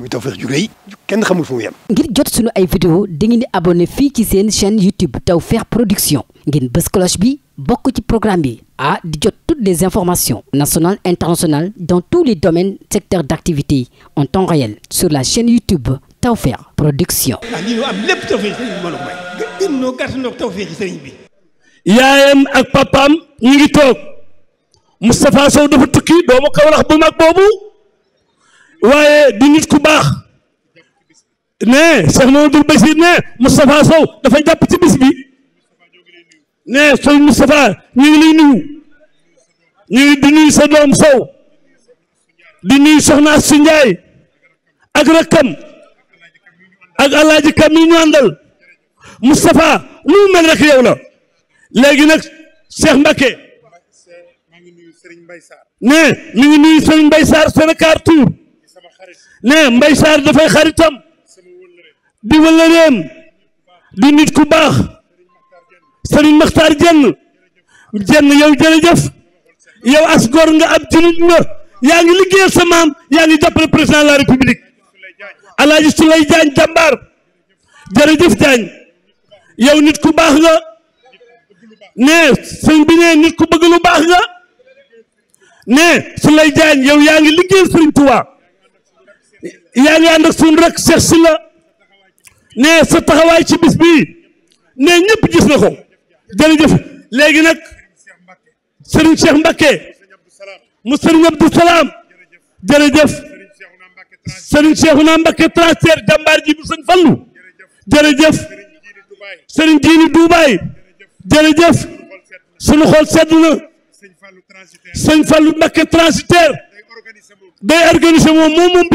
muy Tawfekh ju rëy kenn xamul fu mu yem. ngir jot sunu ay vidéo dangeen di abonné fii ci seen chaîne YouTube Tawfekh Production ngeen bës bi bokk ci programme bi ah di jot toutes les informations nationales internationales dans tous les domaines secteurs d'activité en temps réel sur la chaîne YouTube Tawfekh Production. ah lii am lépp Tawfekh sëriñ bi may. gën noo gàtt noo Tawfekh sëriñ bi. yaayam ak papaam ñu ngi toog Moustapha Sow dafa tukki doomu Kaolack bu mag boobu. waaye di nit ku baax ne Cheikh Mamadou Bachir ne Moustapha Sow dafa jàpp ci bis bi ne sëñ Moustapha ñu ngi lay nuyu ñu ngi di nuyu sa doom Sow di nuyu soxna Astou Ndiaye ak rakkam ak alaaji kam yi ñu àndal Moustapha lu mu mel rek yow la léegi nag Cheikh Mbacké ne mi ngi nuyu Serigne Mbaye Sarr Sénégal Tour ne Mbaye Sarr dafay xaritam di wëllëreem di nit ku baax Serigne Makhtar Diène Diène yow jërëjëf yow as góor nga ab jullit nga yaa ngi liggéeyal sa yaa ngi jàppale président de la république Alaaji Sulay Jaañ jàmbaar jërëjëf Jaañ yow nit ku baax nga ne sëñ bi ku bëgg baax nga ne Sulay Jaañ yow yaa ngi liggéey Serigne Touba. yaa ngi ànd ak suñ rek Cheikh Sylla ne sa taxawaay ci bis bii ne ñëpp gis na ko jërëjëf léegi nag Serigne Cheikh Mbacké mu Serigne Abdou Salam jërëjëf Serigne Cheikhouna Mbacké transfert jàmbaar ji bu Serigne Fallou jërëjëf Serigne Djini Dubaay jërëjëf sunu xol sedd na Serigne Fallou Mbacké transitaire day organiser moom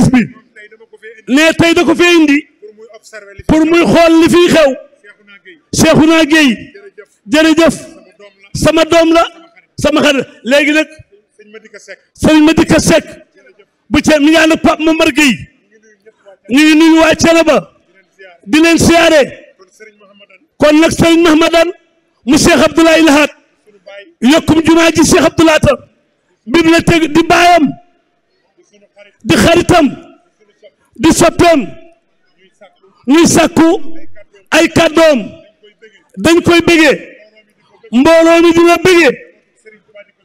ne tey da ko fee indi pour muy xool li fiy xew Cheikhouna Gueye jërëjëf sama doom la sama xarit léegi nag sëñ Madika Seck bu ca mi ngi ànd ak Pape Momar Gueye ñu ngi nuyu waa Thiénaba di leen siyaare kon nag sëriñ Mahmadan mu Cheikh Abdoulaye Lahat yokkum jumaa ji Cheikh Abdoulaye ta bibliothèque di baayam di xaritam di soppeem ñuy sàkku ay kàddoom dañ koy bëggee mbooloo mi dina bëggee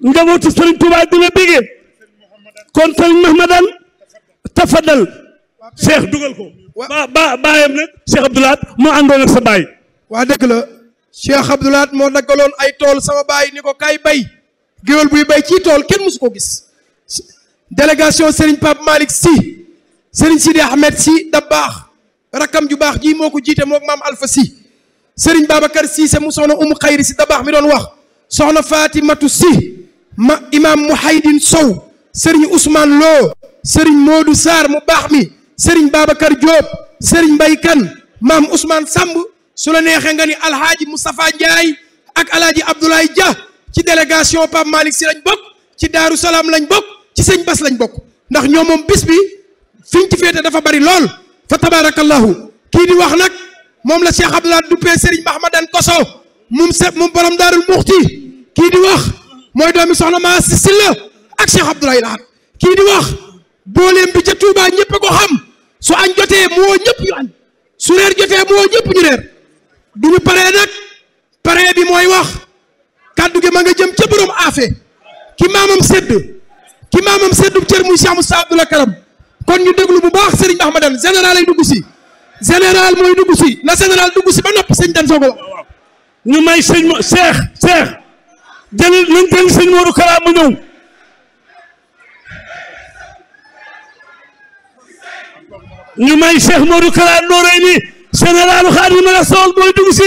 njabootu sëriñ Tuubaa dina bëggee kon sëriñ Mahmadan tafadal cheikh dugal ko ba ba baayam nag cheikh Abdoulaat moo àndoon ak sa baay waa dëgg la cheikh Abdoulaat moo daggaloon ay tool sama baay ni ko kay bay géwél buy bay ci tool kenn mësu koo gis délégation sëriñ Pape Malick Sy sëriñ Sidi Ahmed si da baax ju baax ji moo ko jiite mook maam Alpha si sëriñ Babacar Cissé mu soxna umu xayri si da mi doon wax soxna Fatimatu si ma imaam Mouhaydin Sow sëriñ Ousmane Lo sëriñ Modou Sarr mu baax mi sëriñ Babacar Diop sëriñ Mbaye Kane maam Ousmane Samb su la neexee nga ni alhaaji Moustapha Ndiaye ak alhaaji Abdoulaye Dia ci délégation Pape Malick si lañ bokk ci Daaru Salaam lañ bokk ci sëñ Bas lañ bokk ndax ñoo moom bis bi fiñ ci féete dafa bari lool fa tabaarakallahu kii di wax nag moom la Cheikh Abdoulaye duppee Serigne Mahmadan Koso mu se mum borom daarul muxti kii di wax mooy doomi soxna maa si silla ak Cheikh Abdoulaye Lahat kii di wax booleem bi ca Touba ñëpp a ko xam su añ jotee moo ñëpp ñu añ su reer jotee moo ñëpp ñu reer du paree nag paree bi mooy wax kàddu gi ma nga jëm ca borom aafe ki maamam sedd ki maamam seddu cër muy Cheikh Moussa Abdoulaye Karam kon ñu déglu bu baax Serigne Mahmadane général ay dugg si général mooy dugg si na général dugg si ba noppi sëñ Dan soog ñu may sëñ mo Cheikh Cheikh jëlil nañ jël sëñ Modou Kara mu ñëw ñu may Cheikh Modou Kara Nooray ni mooy dugg si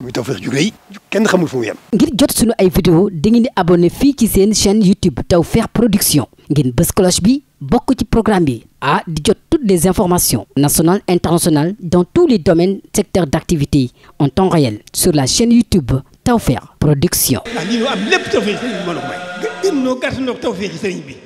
muy Tawfekh jugee yi kenn xamul foo yem. ngir jot sunu ay vidéo dangeen di abonné fii ci seen chaîne YouTube feex Production ngeen bës cloche bi. bokk ci programme bi ah di jot toutes les informations nationales internationales dans tous les domaines secteurs d'activité en temps réel sur la chaîne YouTube Tawfekh Production. ah lii am lépp tawfeex sëriñ bi mën a may. gën noo gàtt noo tawfeex sëriñ bi.